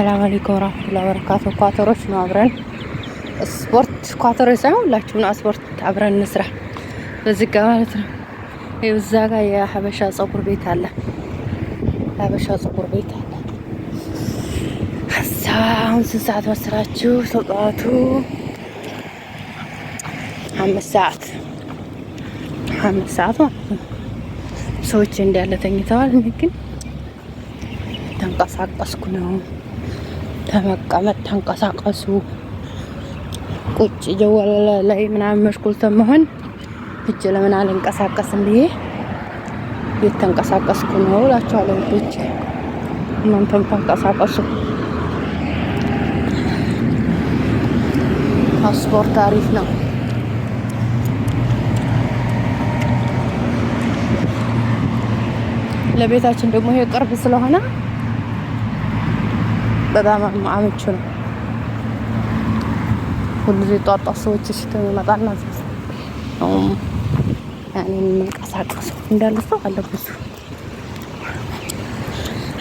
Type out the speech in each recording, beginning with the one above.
አሰላም አለይኩም ወራህመቱላሂ ወበረካቱ። ኳተሮች ነው አብረን ስፖርት ኳተሮች ሳይሆን ሁላችሁ ነው ስፖርት አብረን እንስራ በዝጋ ማለት ነው። እዛ ጋር የሀበሻ ፀጉር ቤት አለ። የሀበሻ ፀጉር ቤት አለ። እዛ አሁን ስንት ሰዓት መስራችሁ? ተጠዋቱ አምስት ሰዓት አምስት ሰዓት ማለት ነው። ሰዎች እንዳለ ተኝተዋል። እኔ ግን ተንቀሳቀስኩ ነው። ተመቀመጥ፣ ተንቀሳቀሱ። ቁጭ ጀወለ ላይ ምናምን መሽኩል ተመሆን እጅ ለምን አልንቀሳቀስም ብዬ የተንቀሳቀስኩ ነው እላችኋለሁ። ልጆች እናንተም ተንቀሳቀሱ። ፓስፖርት አሪፍ ነው። ለቤታችን ደግሞ ይሄ ቅርብ ስለሆነ በጣም አመቹ ነው። ሁሉ የጧጧ ሰዎች ስትመጣና መንቀሳቀሱ እንዳለ ሰው አለ ብዙ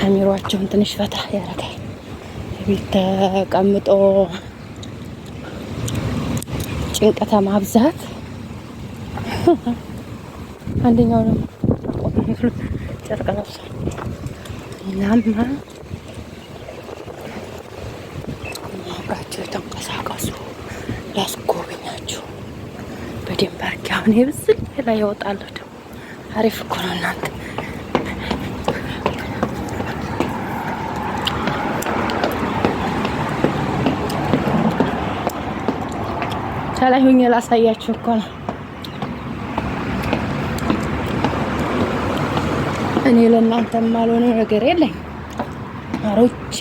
አሚሯቸውን ትንሽ ፈታ ያደርጋል። ቤት ተቀምጦ ጭንቀታ ማብዛት አንደኛው ነው። ጨርቅ ለብሷል እናማ አብራችሁ የተንቀሳቀሱ ላስጎብኛችሁ በደንብ አድርጌ አሁን የብስል ላይ ያወጣለሁ። ደግሞ አሪፍ እኮ ነው እናንተ ከላይ ሁኜ ላሳያችሁ እኮ ነው። እኔ ለእናንተም አልሆነ ነገር የለኝ አሮቼ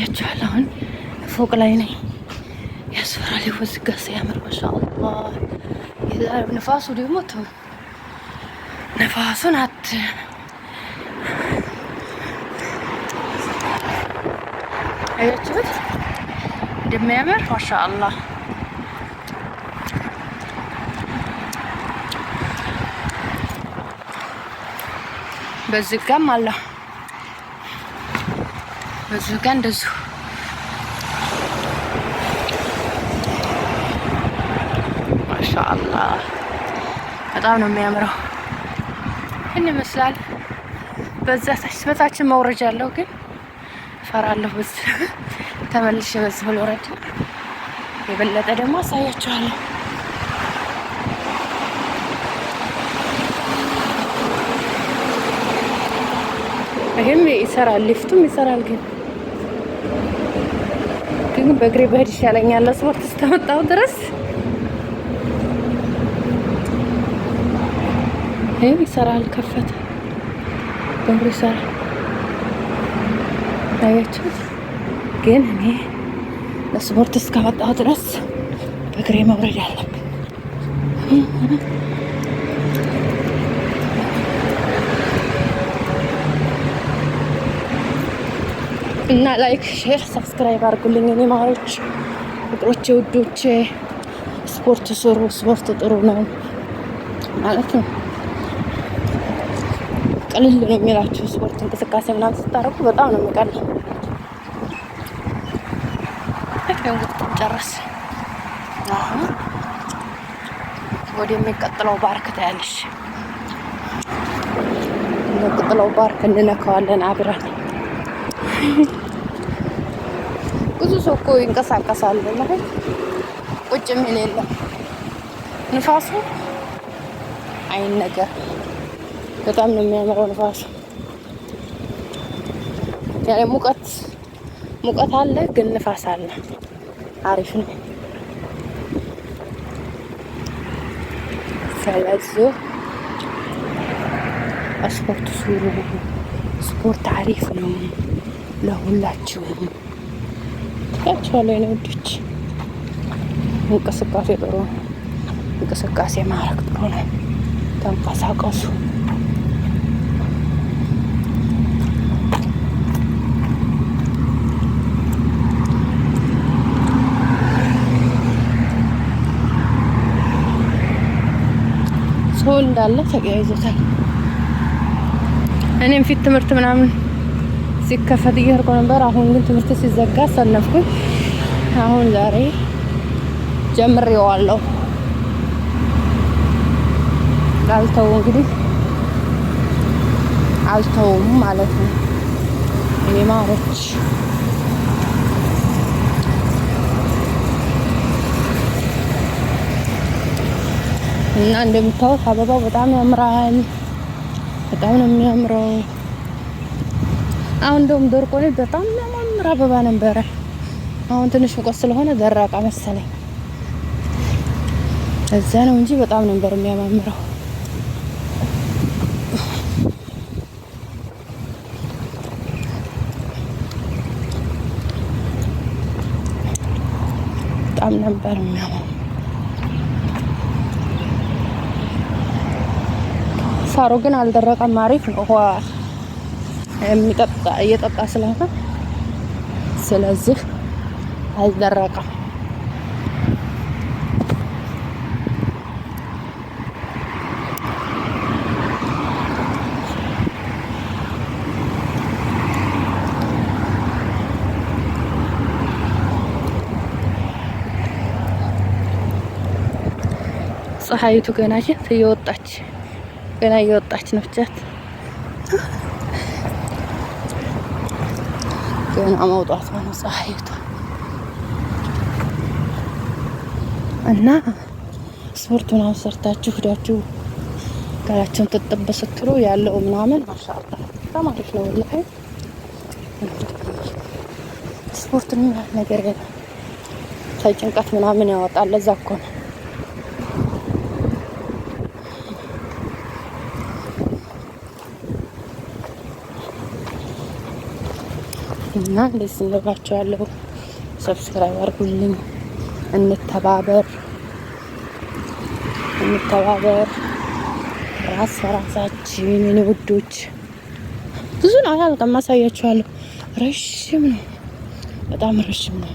ያያችኋል። አሁን ፎቅ ላይ ነኝ። ያስፈራል። ይወዝጋ ሲያምር ማሻአላ። የዛሬው ነፋሱ ደግሞ ተው ነፋሱን አት አያችሁት እንደሚያምር ማሻአላ። በዚህ ጋም በዚሁ ጋር እንደዚሁ ማሻአላ በጣም ነው የሚያምረው። ይህን ይመስላል። በዛ ታች በታችን መውረጃ አለው፣ ግን እፈራለሁ። በዚህ ተመልሼ በዚህ ብል ወረድ የበለጠ ደግሞ አሳያችኋለሁ። ይህም ይሰራል፣ ሊፍቱም ይሰራል ግን ግን በእግሬ በህድ ይሻለኛል ስፖርት እስከመጣሁ ድረስ ይህም ይሰራል። ከፈተ በሩ ይሰራል። አያችሁት? ግን እኔ ለስፖርት እስከመጣሁ ድረስ በእግሬ መውረድ አለብኝ። እና ላይክ፣ ሼር፣ ሰብስክራይብ አድርጉልኝ። እኔ ማሮች፣ ፍቅሮቼ፣ ውዶቼ ስፖርት ስሩ። ስፖርት ጥሩ ነው ማለት ነው። ቅልል ነው የሚላችሁ ስፖርት እንቅስቃሴ ምናምን ስታረጉ በጣም ነው የሚቀለው። ጨረስ አሁን ወደሚቀጥለው ባርክ ታያለሽ። የሚቀጥለው ባርክ እንነካዋለን አብረን ነፋሱ እኮ ይንቀሳቀሳል። ለምን ቁጭ ምን የለም ንፋሱ አይን ነገር በጣም ነው የሚያምረው ንፋሱ። ያለ ሙቀት ሙቀት አለ፣ ግን ንፋስ አለ። አሪፍ ነው። ስለዚህ ስፖርት ስሩ። ስፖርት አሪፍ ነው ለሁላችሁም። ወዳችኋለሁ የኔ ውዶች። እንቅስቃሴ ጥሩ ነው። እንቅስቃሴ ማድረግ ጥሩ ነው። ተንቀሳቀሱ። ሰው እንዳለ ተያይዞታል። እኔም ፊት ትምህርት ምናምን ሲከፈት እየሄድኩ ነበር። አሁን ግን ትምህርት ሲዘጋ አሰነፍኩኝ። አሁን ዛሬ ጀምሬዋለሁ። አልተው እንግዲህ አልተውም ማለት ነው። እኔ ማሮች እና እንደምታወት አበባው በጣም ያምራል። በጣም ነው የሚያምረው። አሁን እንደውም ደርቆ ነው። በጣም የሚያማምር አበባ ነበረ። አሁን ትንሽ ሙቀት ስለሆነ ደረቀ መሰለኝ። እዛ ነው እንጂ በጣም ነበር የሚያማምረው። በጣም ነበር የሚያማምረው። ሳሩ ግን አልደረቀም። አሪፍ ነው። የሚጠጣ እየጠጣ ስለሆነ ስለዚህ አልደረቀም። ፀሐይቱ ገና እየወጣች ገና እየወጣች ነው ብቻት ገና መውጣቷ ነው ፀሐይቷ እና ስፖርቱን አሁን ሰርታችሁ ሂዳችሁ ገላችሁን ጥጥብ ስትሉ ያለው ምናምን ማሻአላ በጣም አሪፍ ነው። ወላሂ ስፖርትን ነገር ከጭንቀት ምናምን ያወጣል። ለዛ እኮ ነው እና ደስ እንላችኋለሁ። ሰብስክራይብ አድርጉልኝ፣ እንተባበር እንተባበር። ራስ በራሳችን የኔ ውዶች፣ ብዙ ነው አላልቅም፣ አሳያችኋለሁ። ረዥም ነው፣ በጣም ረሽም ነው።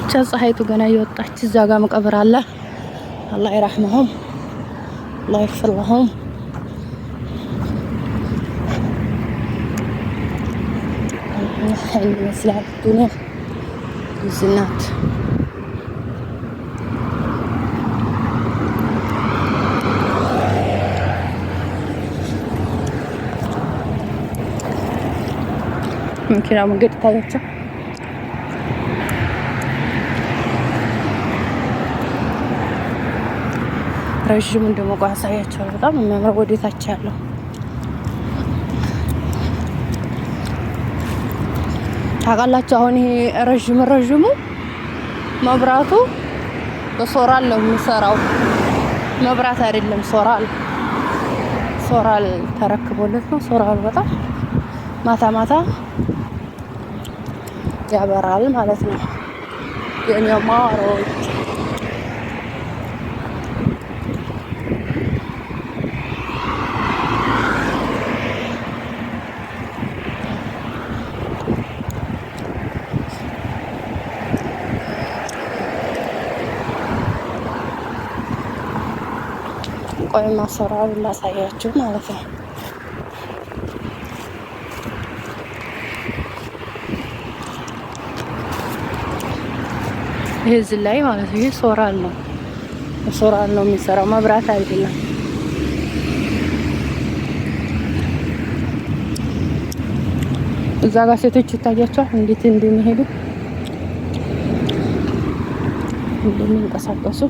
ብቻ ፀሐይቱ ገና እየወጣች እዛ ጋር መቀብር አለ። الله يرحمهم الله يغفر لهم نحن نسلع الدنيا والزنات ممكن أعمل قد طلبته ረዥም እንደሞቀ ያሳያቸዋል። በጣም የሚያምር ወደታች ያለው ታውቃላችሁ። አሁን ይሄ ረዥም ረዥሙ መብራቱ ሶራል ነው የሚሰራው፣ መብራት አይደለም ሶራል ሶራል ተረክቦለት ነው። ሶራል በጣም ማታ ማታ ያበራል ማለት ነው። የኔ ማሮች ቆይ ማሰራሩ ላሳያችሁ ማለት ነው። ይህ እዚህ ላይ ማለት ነው። ይህ ሶራል ነው፣ ሶራል ነው የሚሰራው መብራት አይደለም። እዛ ጋር ሴቶች ይታያቸዋል፣ እንዴት እንደሚሄዱ እንደሚንቀሳቀሱ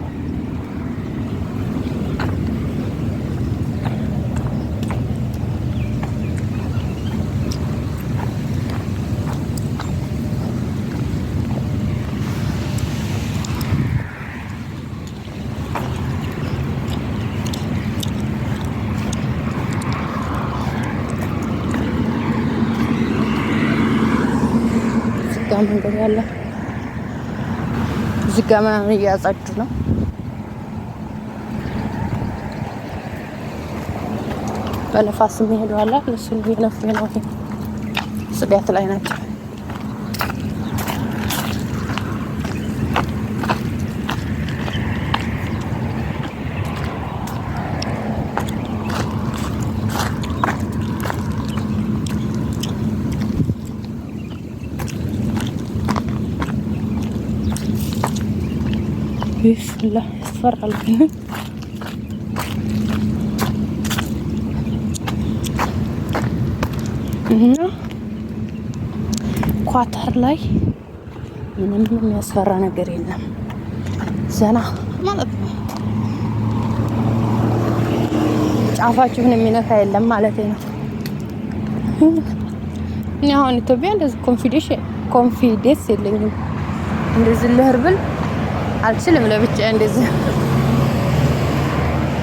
መንገድ ያለ እዚህ ጋ ምናምን እያጸዱ ነው። በነፋስ የሚሄዱ አለ። እሱን እየነፉ ነው። ጽዳት ላይ ናቸው። ይፈላ ያስፈራል ግን እና ኳታር ላይ ምንም የሚያስፈራ ነገር የለም። ዘና ማለት ነው። ጫፋችሁን የሚነካ የለም ማለት ነው። እኔ አሁን ኢትዮጵያ እንደዚህ ኮንፊዴንስ የለኝም እንደዚህ ልህርብል አልችልም ለብቻ እንደዚህ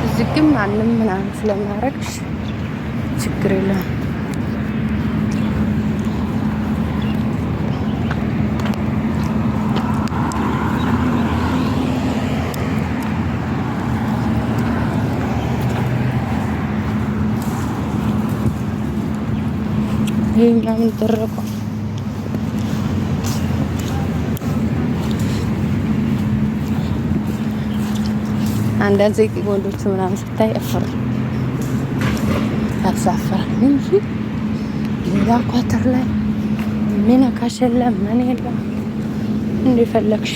እዚግም ማንም ምናምን ስለማድረግ ችግር የለም። ይህ ምናምን ደረቁ አንዳንድ ዘቂ ወንዶቹ ምናምን ስታይ እፍር ያሳፍራል እንጂ ሌላ ኳተር ላይ ሚነካሽ የለም ምን የለም እንደፈለግሽ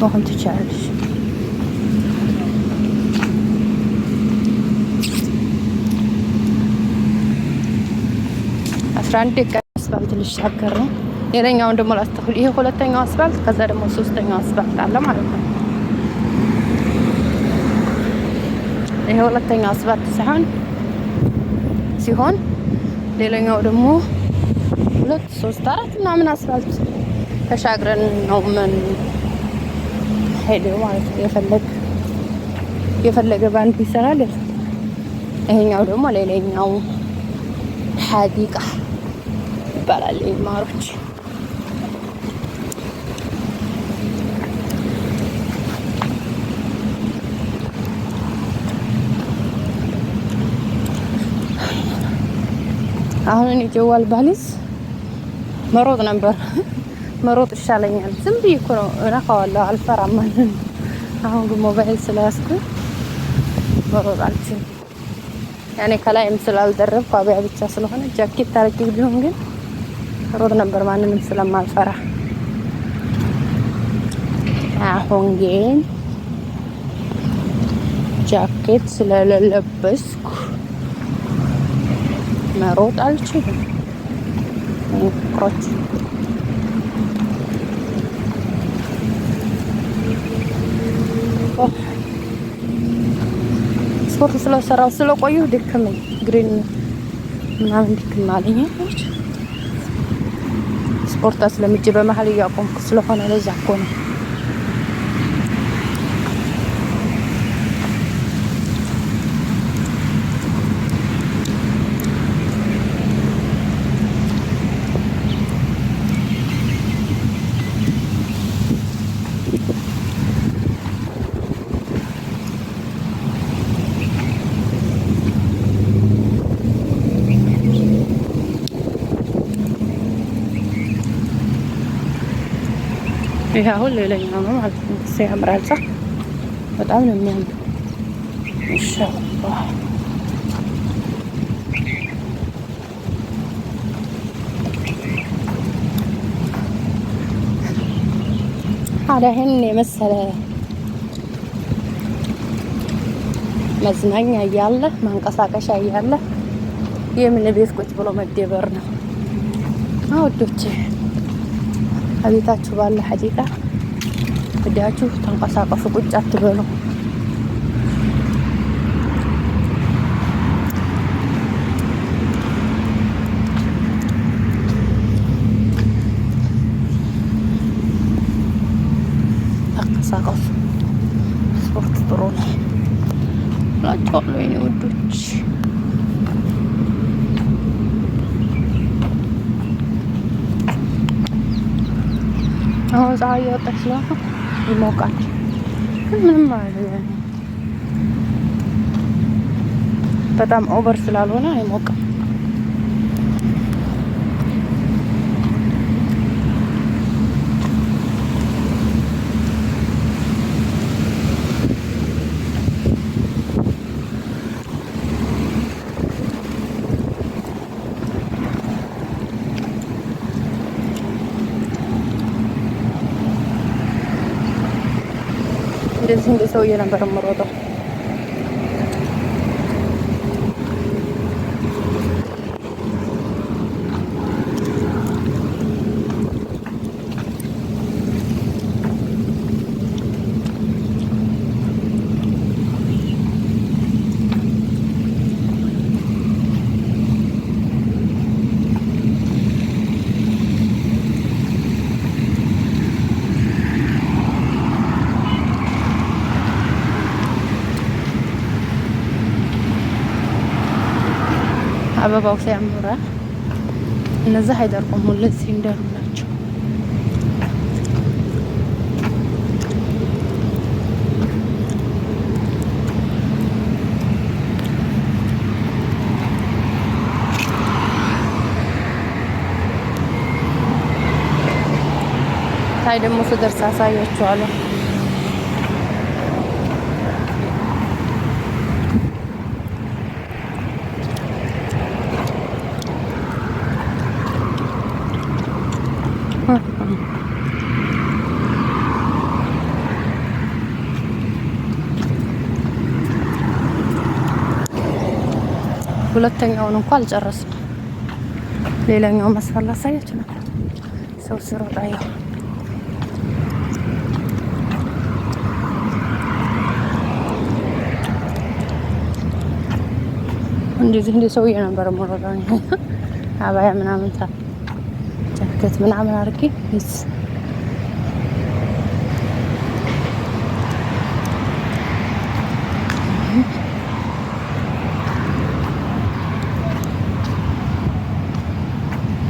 መሆን ትችላለሽ። አስራ አንድ ደቂቃ አስፋልት ልሻገር ነው። ሌላኛውን ደግሞ ላስተኩል። ይሄ ሁለተኛው አስፋልት ከዛ ደግሞ ሶስተኛው አስፋልት አለ ማለት ነው። ይሄ ሁለተኛው አስፋልት ሳይሆን ሲሆን ሌላኛው ደግሞ ሁለት ሶስት አራት ምናምን አስፋልት ተሻግረን ነው ምን ሄደው ማለት ነው። የፈለገ የፈለገ ባንክ ይሰራል። ይሄኛው ደግሞ ሌላኛው ሀዲቃ ይባላል። ማሮች አሁን እኔ ጀዋል ባሊዝ መሮጥ ነበር መሮጥ ይሻለኛል። ዝም ብዬ እኮ ነው እነካዋለሁ፣ አልፈራም። አሁን ግን ሞባይል ስለያዝኩ መሮጥ አልችልም። ያኔ ከላይም ስላልደረብኩ አብያ ብቻ ስለሆነ ጃኬት ታረቂ ቢሆን ግን ሮጥ ነበር ማንንም ስለማልፈራ። አሁን ግን ጃኬት ስለለለበስኩ መሮጥ አልችልም። ፍቅሮች ስፖርት ስለሰራሁ ስለቆየሁ ድክመኝ ግሪን ምናምን ድክም አለኝ። ስፖርት ስለምጭ በመሀል እያቆምኩ ስለሆነ ለዛ እኮ ነው። ይህ አሁን ሌላኛው ነው ማለት ነው። ያምራል። ሳ በጣም ነው የሚያምር። ኢንሻአላህ አረ ይህን የመሰለ መዝናኛ እያለ ማንቀሳቀሻ እያለ የምን ቤት ቁጭ ብሎ መደበር ነው አውዶቼ Aduh, coba lah hajida, keduaco, tangkas aco suku cat dulu, tangkas aco, አሁን ፀሐይ እየወጣች ስለሆነ ይሞቃል። ምንም ምንም በጣም ኦቨር ስላልሆነ አይሞቅም። Eso hoy era un perro አበባው ሲያምራ እነዛ አይደርቁም። ሁለት ሲንደሩ ናቸው። ታይ ደግሞ ስደርስ አሳያችኋለሁ። ሁለተኛውን እንኳ አልጨረስም። ሌላኛው መስፈር ላሳያችሁ ነው። ሰው ስሮጣ ያው እንደዚህ እንደ ሰውዬ ነበር ሞሮዳ አባያ ምናምን ጃኬት ምናምን አድርጌ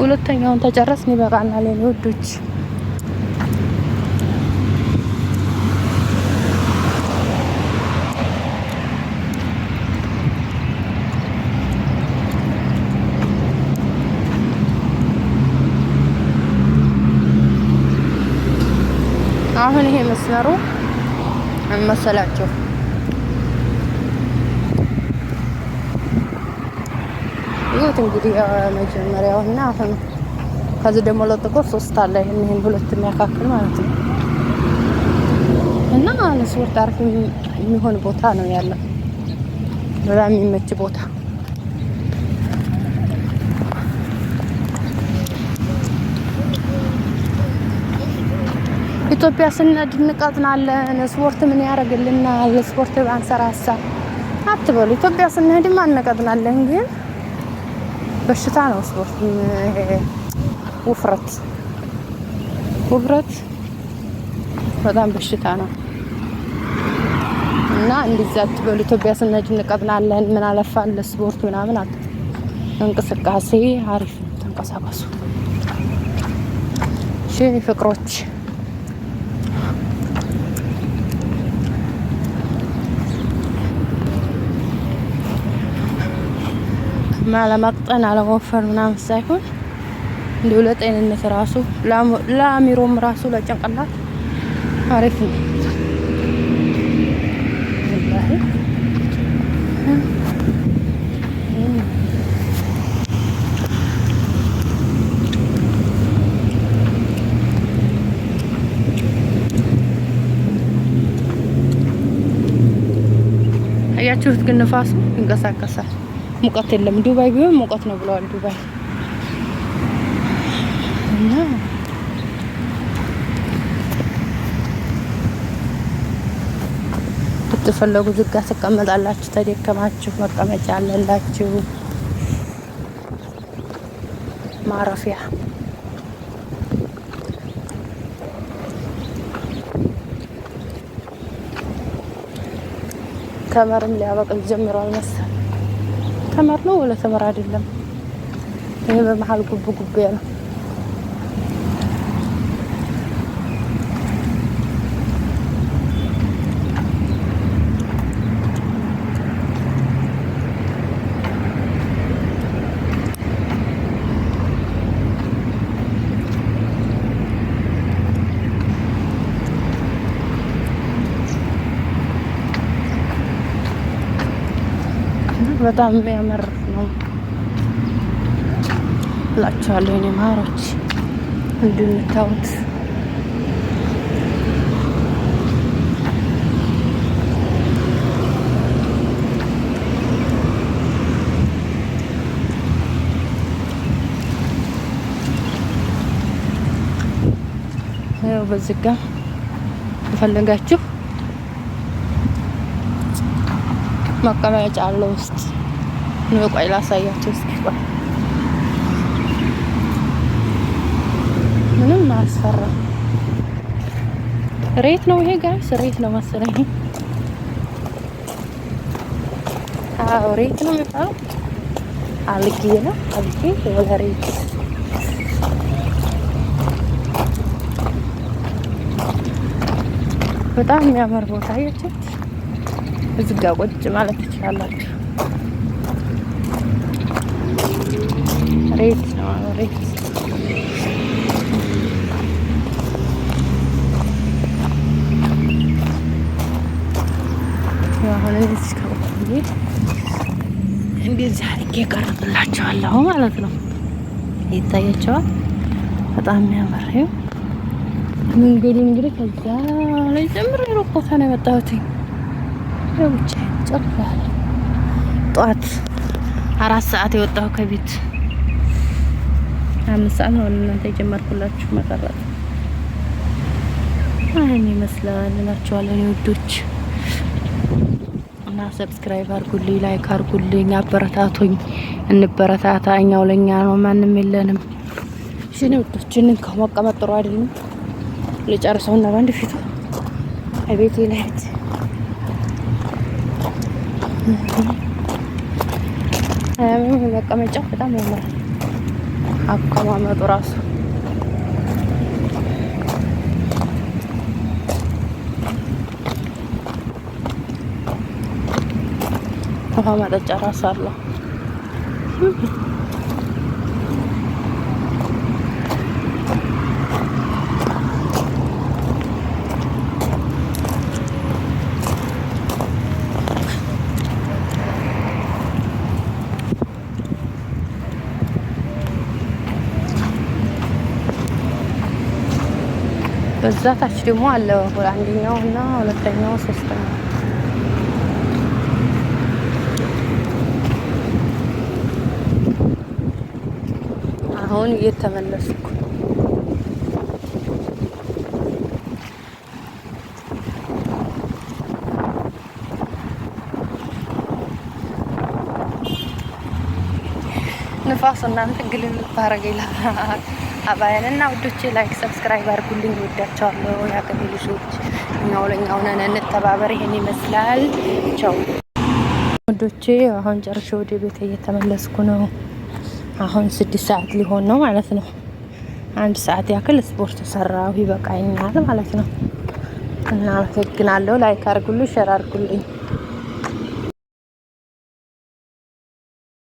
ሁለተኛውን ተጨረስን፣ ይበቃናል የኔ ውዶች። አሁን ይሄ መስመሩ መሰላችሁ ያየሁት እንግዲህ መጀመሪያው እና አሁን ከዚህ ደግሞ ለጥቆ ሶስት አለ ይህን ሁለት የሚያካክል ማለት ነው። እና ለስፖርት አሪፍ የሚሆን ቦታ ነው ያለው፣ በጣም የሚመች ቦታ ኢትዮጵያ ስንድንቀጥናለን ስፖርት ምን ያደርግልናል? ስፖርት አንሰራሳ አትበሉ። ኢትዮጵያ ስንሄድም አንቀጥናለን ግን በሽታ ነው። ውፍረት ውፍረት በጣም በሽታ ነው እና እንደዚያ አትበሉ። ኢትዮጵያ ስንሄድ እንቀጥናለን። ምን አለፋን ለስፖርት ምናምን አ እንቅስቃሴ አሪፍ ነው። ተንቀሳቀሱ ፍቅሮች ለመቅጠን አለመወፈር ምናምን ሳይሆን እንዲሁ ለጤንነት ራሱ ለአሚሮም ራሱ ለጭንቅላት አሪፍ ነው። አያችሁት ግን ንፋሱ ይንቀሳቀሳል። ሙቀት የለም። ዱባይ ቢሆን ሙቀት ነው ብለዋል። ዱባይ እና ብትፈለጉ ዝጋ ትቀመጣላችሁ። ተደከማችሁ መቀመጫ አለላችሁ። ማረፊያ ተመርም ሊያበቅል ጀምሯል መሰል ثمر نو ولا ثمر عدلم هذا محل قب قبيله በጣም የሚያምር ነው ብላችኋለሁ እኔ ማሮች። እንደምታዩት ያው በዚህ ጋ የፈለጋችሁ መቀመጫ አለው ውስጥ ንቆይ ላሳያቸው እስኪ ቆይ ምንም አያስፈራ ሬት ነው ይሄ ጋይስ ሬት ነው መሰለኝ አዎ ሬት ነው የሚባለው አልጌ ነው አልጌ ወደ ሬት በጣም የሚያምር ቦታ አያችሁት እዚህ ጋር ቁጭ ማለት ትችላላችሁ። ሬት ነው ሬት አሁን እዚህ ከቆየ እንደዚህ አድርጌ ቀርብላችኋለሁ ማለት ነው። ይታያቸዋል። በጣም የሚያምር መንገዱ እንግዲህ ከዛ ላይ ጀምሮ የሮቅ ነው የመጣሁትኝ ብቻ ጨርሻለሁ። አራት ሰዓት የወጣሁ ከቤት አምስት ሰዓት ነው እናንተ የጀመርኩላችሁ መቀረጥ ይመስላል እላችኋለሁ። እኔ ውዶች እና ሰብስክራይብ ላይክ አበረታቶኝ እንበረታታ። እኛው ለእኛ ነው፣ ማንም የለንም። ሽን ውዶችንን ጥሩ አይደለም። ልጨርሰውና በአንድ ፊቱ ቤቴ ላይት መቀመጫው በጣም ያምራል አቀማመጡ ራሱ። ውሃ ማጠጫ ራሱ አለው። ከዛ ታች ደግሞ አለ አንደኛው እና ሁለተኛው ሶስተኛው አሁን እየተመለስኩ ንፋስ እናንተ ግልል ባረገ ይላል ጸባይን እና ውዶቼ ላይክ ሰብስክራይብ አድርጉልኝ። ወዳቸዋለሁ። የአገሬ ልጆች እኛው ለእኛው ነን፣ እንተባበር። ይሄን ይመስላል። ቻው ውዶቼ። አሁን ጨርሼ ወደ ቤት እየተመለስኩ ነው። አሁን ስድስት ሰዓት ሊሆን ነው ማለት ነው። አንድ ሰዓት ያክል ስፖርት ሰራሁ፣ ይበቃኛል ማለት ነው። እና አመሰግናለሁ። ላይክ አድርጉልኝ፣ ሼር አድርጉልኝ።